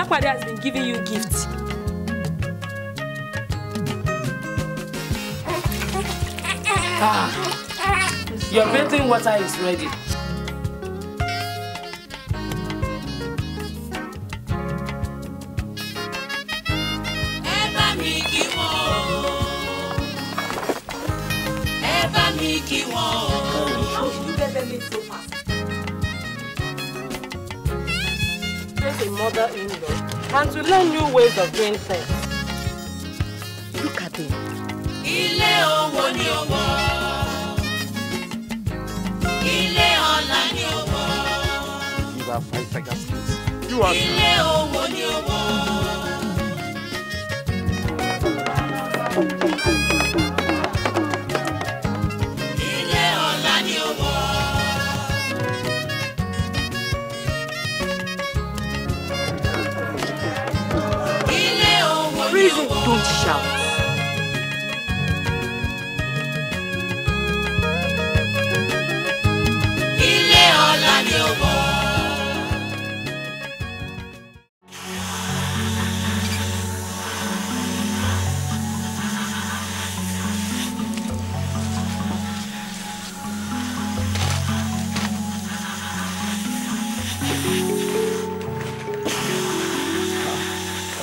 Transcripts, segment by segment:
Lakwade has been giving you gifts. Ah, your bathing water is ready. mother in and to learn new ways of doing things. Look at him. Ilé owó ni owó. Ilé ọlá ni owó. You have five tiger skins. You are. Ilé owó ni owó.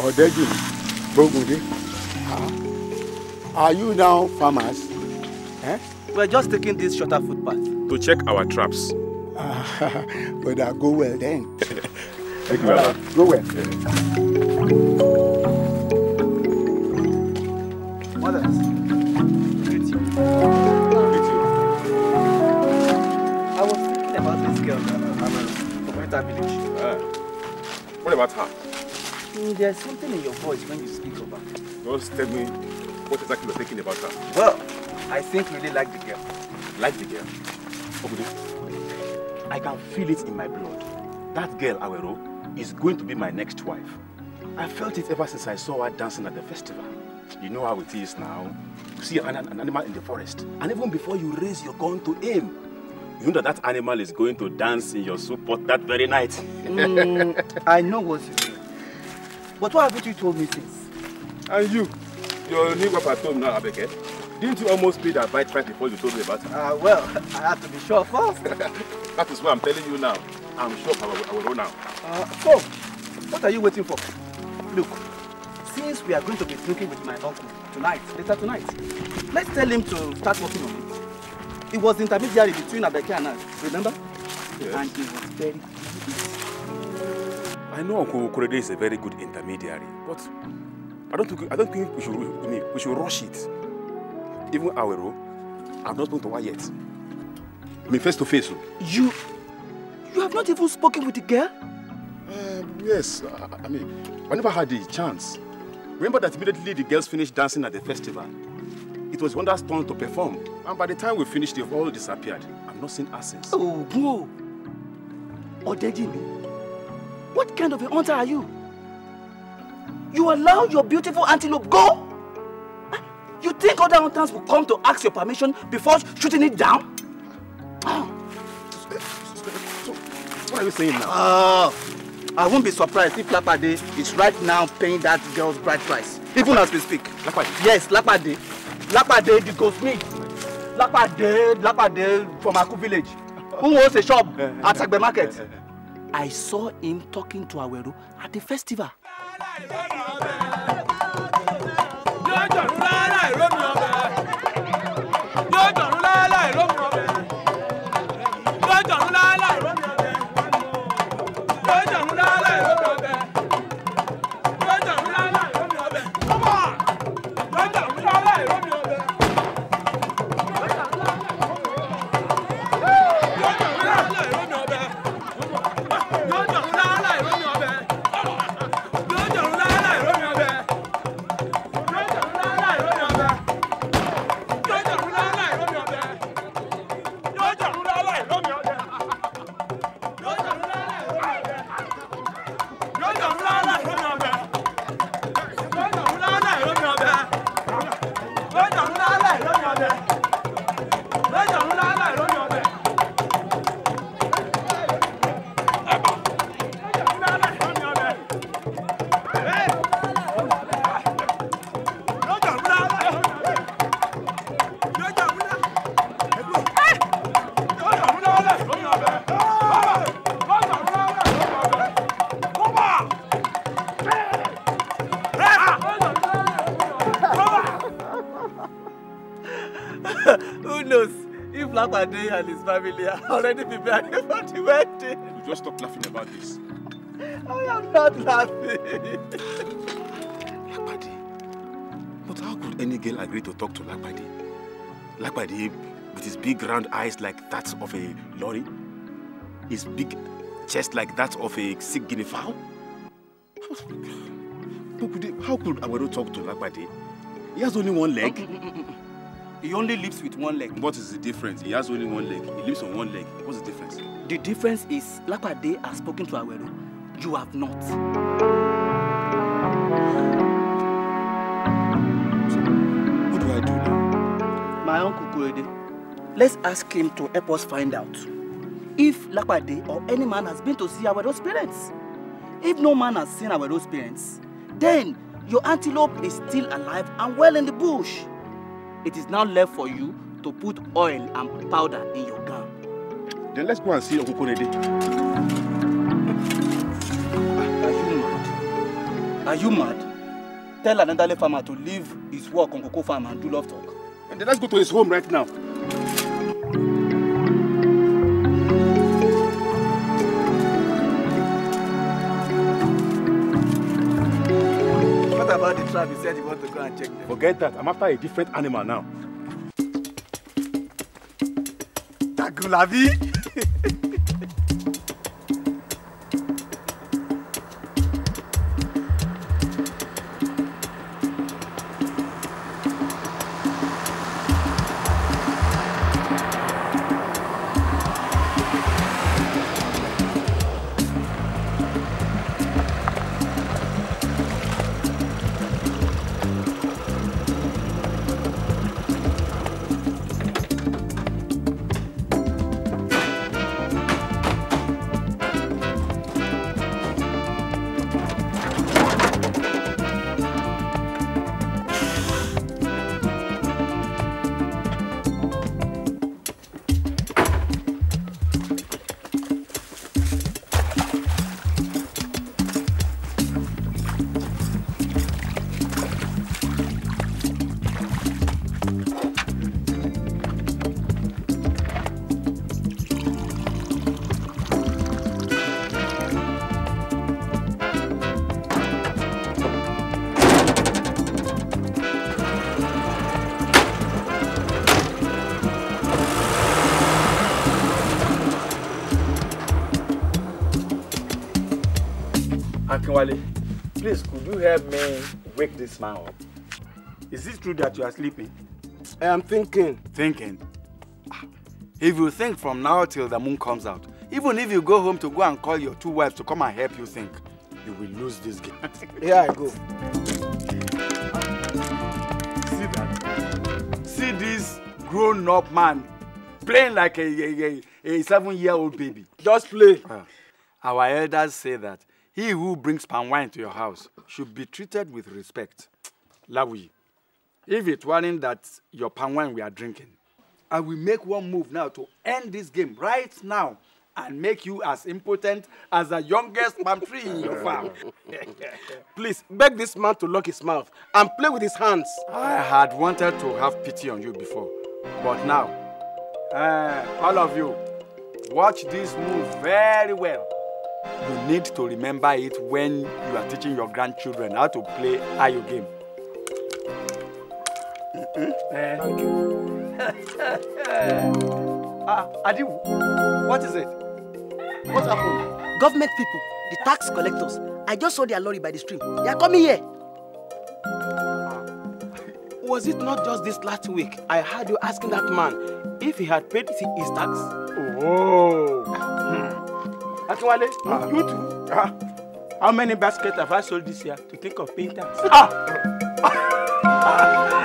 Odeju Bogunde, are you now farmers? Eh? We're just taking this shorter footpath. To check our traps. but uh, go well then. Thank you, uh, Go well. Mothers, greet I was thinking about this girl, Amara, uh, from Village. Uh, what about her? Mm, there's something in your voice when you speak of her. Just tell me what exactly you're thinking about her. Well, I think you really like the girl. Like the girl? Okay. I can feel it in my blood. That girl, Awero, is going to be my next wife. I felt it ever since I saw her dancing at the festival. You know how it is now. You see an, an animal in the forest, and even before you raise your gun to aim, you know that that animal is going to dance in your soup pot that very night. Mm, I know what you but why haven't you told me since? And you, your new wife at home now, Abeke. Didn't you almost pay that bite price before you told me about it? Ah, uh, well, I had to be sure first. that is why I'm telling you now. I'm sure I will, I will run Uh, so, what are you waiting for? Look, since we are going to be drinking with my uncle tonight, later tonight, let's tell him to start working on it. It was intermediary between Abeke and us, remember? Yes. And he was very busy. I know Uncle is a very good intermediary, but I don't think, I don't think we, should, we should rush it. Even Awero, I've not spoken to her yet. I mean, face to oh. face. You, you have not even spoken with the girl? Um, yes, I, I mean, I never had the chance. Remember that immediately the girls finished dancing at the festival. It was Wonder's turn to perform. And by the time we finished, they've all disappeared. I've not seen her Oh, bro! Ọ̀dẹ́jì ni. What kind of a hunter are you? You allow your beautiful antelope go? You think other hunters will come to ask your permission before shooting it down? Oh. what are you saying now? Uh, I won't be surprised if Lapade is right now paying that girl's bride price. Even Lapade. as we speak. Lapade? Yes, Lapade. Lapade, the ghost me. Lapade, Lapade from Aku village. Who owns a shop eh, eh, at Sagbe Market? Eh, I saw him talking to Aweru at the festival. Lampade and his family are already preparing for the wedding. You just stop laughing about this. I am not laughing. Lampade. But how could any girl agree to talk to Lampade? Lampade, with his big round eyes like that of a lorry, his big chest like that of a sick guinea fowl? How could, how could Awero talk to Lampade? He has only one leg. He only lives with one leg. What is the difference? He has only one leg. He lives on one leg. What's the difference? The difference is Lapade has spoken to Awero. You have not. what do I do now? My uncle Kurede, let's ask him to help us find out if Lapade or any man has been to see Awero's parents. If no man has seen Awero's parents, then your antelope is still alive and well in the bush it is now left for you to put oil and powder in your gown. Then let's go and see Okukonede. Are you mad? Are you mad? Tell another farmer to leave his work on cocoa farm and do love talk. And then let's go to his home right now. Travis said you want to go and check them. Forget that. I'm after a different animal now. Tagulavi. Akinwale, please could you help me wake this man up? Is it true that you are sleeping? I am thinking. Thinking? Ah, if you think from now till the moon comes out, even if you go home to go and call your two wives to come and help you think, you will lose this game. Here I go. See that? See this grown-up man playing like a, a, a, a seven-year-old baby. Just play. Uh, our elders say that he who brings palm wine to your house should be treated with respect. Lawi, if it weren't that your palm wine we are drinking, I will make one move now to end this game right now and make you as impotent as the youngest palm tree in your farm. Please, beg this man to lock his mouth and play with his hands. I had wanted to have pity on you before, but now, uh, all of you, watch this move very well. You need to remember it when you are teaching your grandchildren how to play Ayo game. Eh. ah, Adiwu, what is it? What happened? Government people, the tax collectors. I just saw their lorry by the stream. They are coming here. Was it not just this last week I heard you asking that man if he had paid his tax? Oh. Hmm. Akinwale, ah. you too. Ah. How many baskets have I sold this year to think of painters? Ah. ah.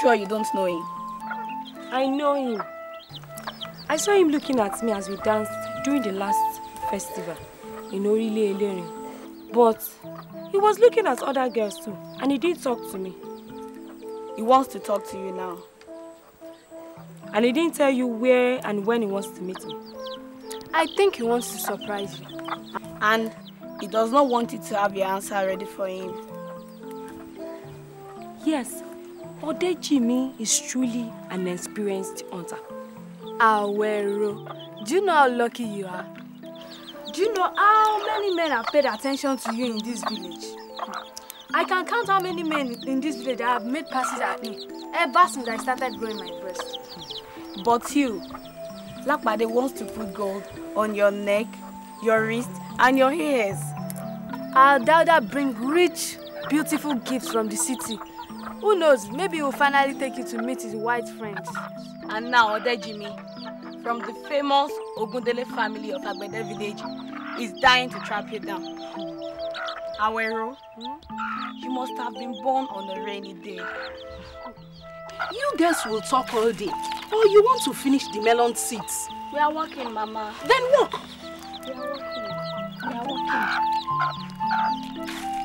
sure you don't know him? I know him. I saw him looking at me as we danced during the last festival in Orile really. But he was looking at other girls too, and he did talk to me. He wants to talk to you now. And he didn't tell you where and when he wants to meet me. I think he wants to surprise you. And he does not want you to have your answer ready for him. Yes, Jimmy is truly an experienced hunter. Awero, do you know how lucky you are? Do you know how many men have paid attention to you in this village? I can count how many men in this village have made passes at me ever since I started growing my breast. But you, Lapade wants to put gold on your neck, your wrist, and your ears. Our Dauda bring rich, beautiful gifts from the city Who knows, maybe he will finally take you to meet his white friends. And now Jimmy, from the famous Ogundele family of Agbede village, is dying to trap you down. Awero, hmm? you must have been born on a rainy day. You guys will talk all day. Or you want to finish the melon seeds? We are working, Mama. Then walk. We are working. We are working.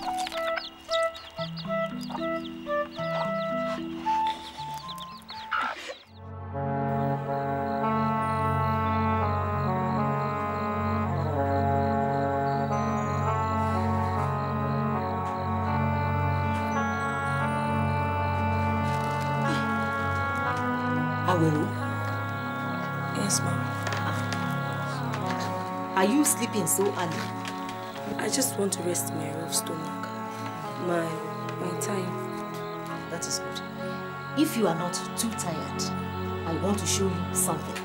Are you sleeping so early? I just want to rest my rough stomach. My, my time. That is good. If you are not too tired, I want to show you something.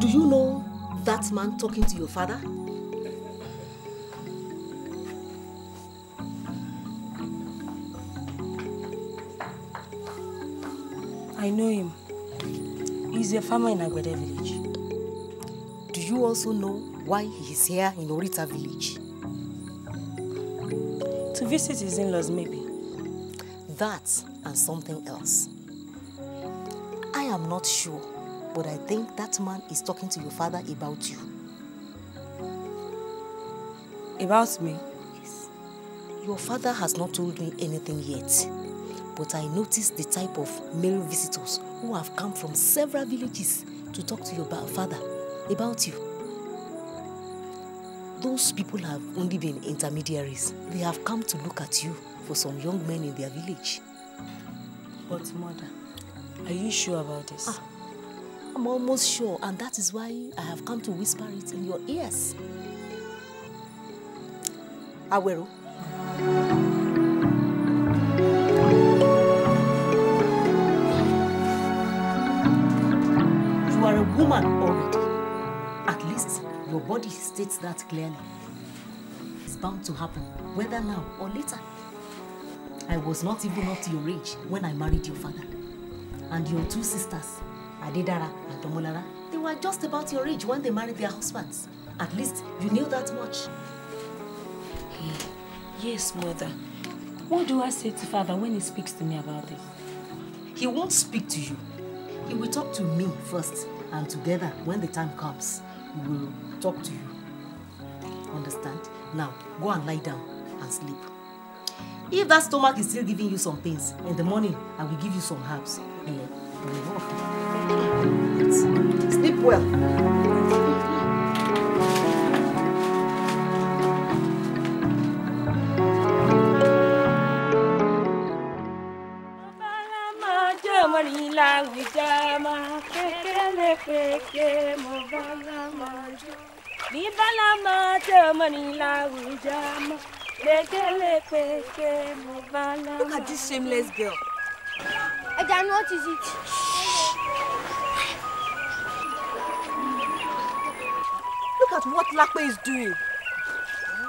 Do you know that man talking to your father? I know him. He's a farmer in Agwede village. Do you also know why he is here in Orita village? To visit his in-laws, maybe. That and something else. I am not sure, but I think that man is talking to your father about you. About me? Yes. Your father has not told me anything yet but I noticed the type of male visitors who have come from several villages to talk to your father about you. Those people have only been intermediaries. They have come to look at you for some young men in their village. But mother, are you sure about this? Ah, I'm almost sure and that is why I have come to whisper it in your ears. Awero, already. At least your body states that clearly. It's bound to happen, whether now or later. I was not even up to your age when I married your father. And your two sisters, Adedara and Tomolara, they were just about your age when they married their husbands. At least you knew that much. Yes, mother. What do I say to father when he speaks to me about this? He won't speak to you. He will talk to me first. And together, when the time comes, we will talk to you. Understand? Now, go and lie down and sleep. If that stomach is still giving you some pains, in the morning, I will give you some herbs. Sleep well. lọ́mọ tọmọ ní láwùjọ mọ́ lékelépeke mo bá lọ́mọ. Look at this shameless girl. Ẹja ni ó ti ṣe. Look at what Lape is doing.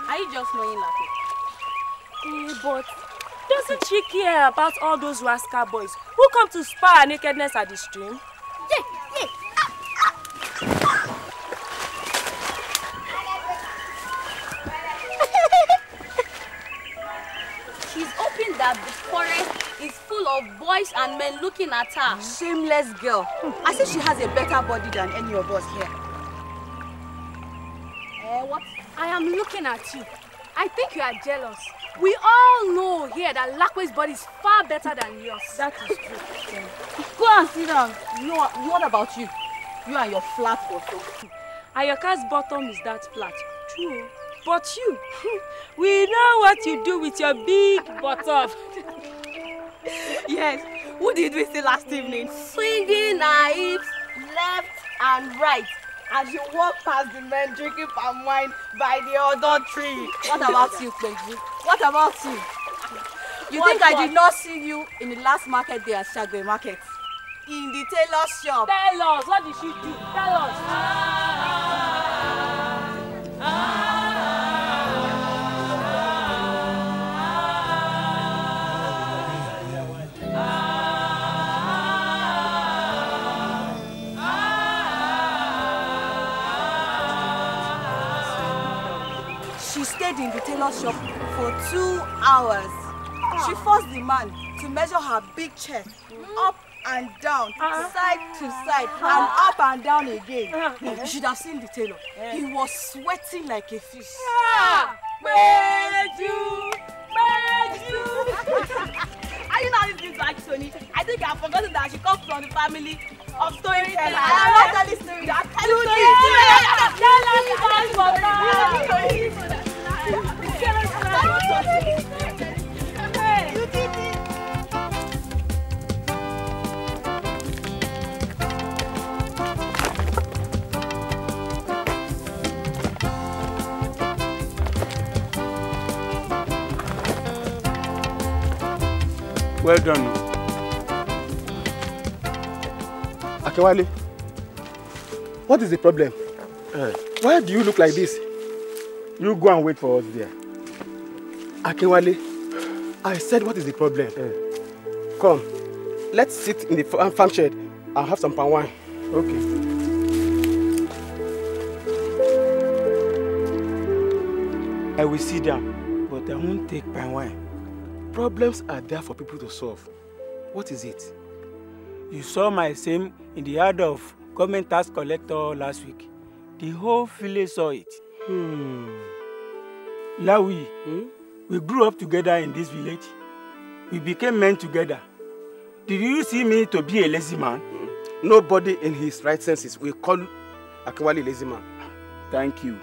Are you just knowing Lape? Yeah, but doesn't she care about all those rascal boys who come to spy our nakedness at the stream? Yeah, yeah. and men looking at her. Shameless girl. I see she has a better body than any of us here. Eh, what? I am looking at you. I think you are jealous. We all know here that Lakwe's body is far better than yours. That is true. Go and sit down. No, what about you? You and your flat bottom. Ayaka's bottom is that flat. True. But you, we know what you do with your big bottom. yes, Who did we see last evening? Swinging her hips left and right as you walk past the men drinking palm wine by the other tree. What about you, Peggy? What about you? You what think I did not see you in the last market day at Shagwe Market? In the tailor's shop. Tell us, what did she do? Tell us. Ah. stayed in the tailor shop for two hours. She ah. forced the man to measure her big chest hmm? up and down, ah. side to side, and ah. up and down again. You eh? should have seen the tailor. Eh? He was sweating like a fish. Peju! Peju! Are you not listening like Tony? I think I've forgotten that she comes from the family of storytellers. I'm not telling stories. I'm telling stories. Tell us about stories. Well done. Akewale, what is the problem? Uh, Why do you look like this? You go and wait for us there. Akewale, I said what is the problem? Mm. Come, let's sit in the uh, farm shed and have some palm wine. Okay. I will see them, but I won't take palm wine. Problems are there for people to solve. What is it? You saw my same in the yard of government tax collector last week. The whole village saw it. Hmm. Lawi, hmm? we grew up together in this village. We became men together. Did you see me to be a lazy man? Hmm. Nobody in his right senses will call akwali lazy man. Thank you.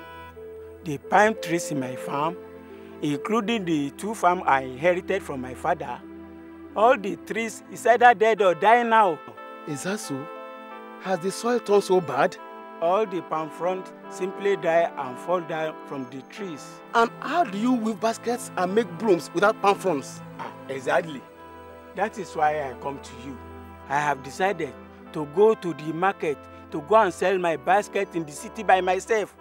The pine trees in my farm, including the two farm I inherited from my father, all the trees is either dead or dying now. Is that so? Has the soil turned so bad? all the palm fronds simply die and fall down from the trees. And how do you weave baskets and make brooms without palm fronds? Ah, exactly. That is why I come to you. I have decided to go to the market to go and sell my basket in the city by myself.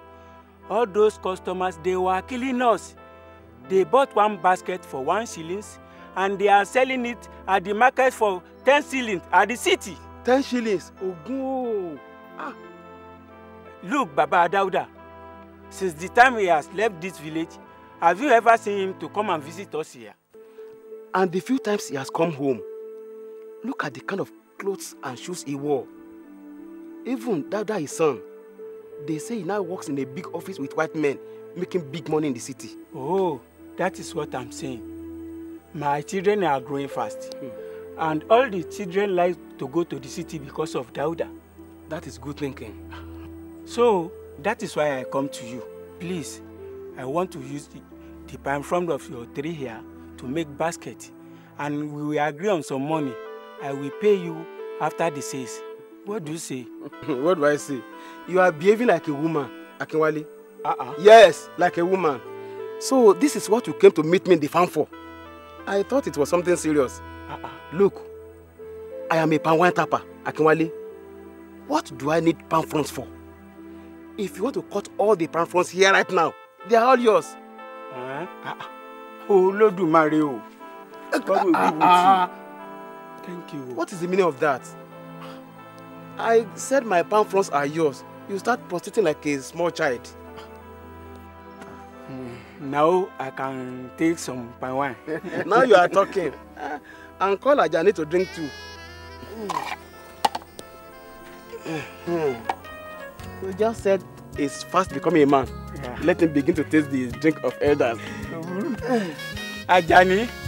All those customers, they were killing us. They bought one basket for one shillings and they are selling it at the market for ten shillings at the city. ten shillings Oh, ooo. Look, Baba Dauda, since the time he has left this village, have you ever seen him to come and visit us here? And the few times he has come home, look at the kind of clothes and shoes he wore. Even Dauda, his son, they say he now works in a big office with white men, making big money in the city. Oh, that is what I'm saying. My children are growing fast. Hmm. And all the children like to go to the city because of Dauda. That is good thinking. So that is why I come to you. Please, I want to use the, the palm frond of your tree here to make basket and we will agree on some money. I will pay you after the sales. What do you say? what do I say? You are behaving like a woman, Akinwale. Uh-uh. Yes, like a woman. So this is what you came to meet me in the farm for. I thought it was something serious. Uh-uh. Look, I am a palm wine tapper, Akinwale. What do I need palm fronds for? If you want to cut all the palm fronds here right now, they are all yours. Eh? Ah, ah. Olódùmarè o. God will be with you. Thank you. What is the meaning of that? I said my palm fronds are yours. You start prostrating like a small child. Hmm, now I can take some palm wine. Now you are talking. Ah, and call Ajani to drink too. Mm. Mm. We just said he's fast becoming a man. Yeah. Let him begin to taste the drink of elders. Ajani.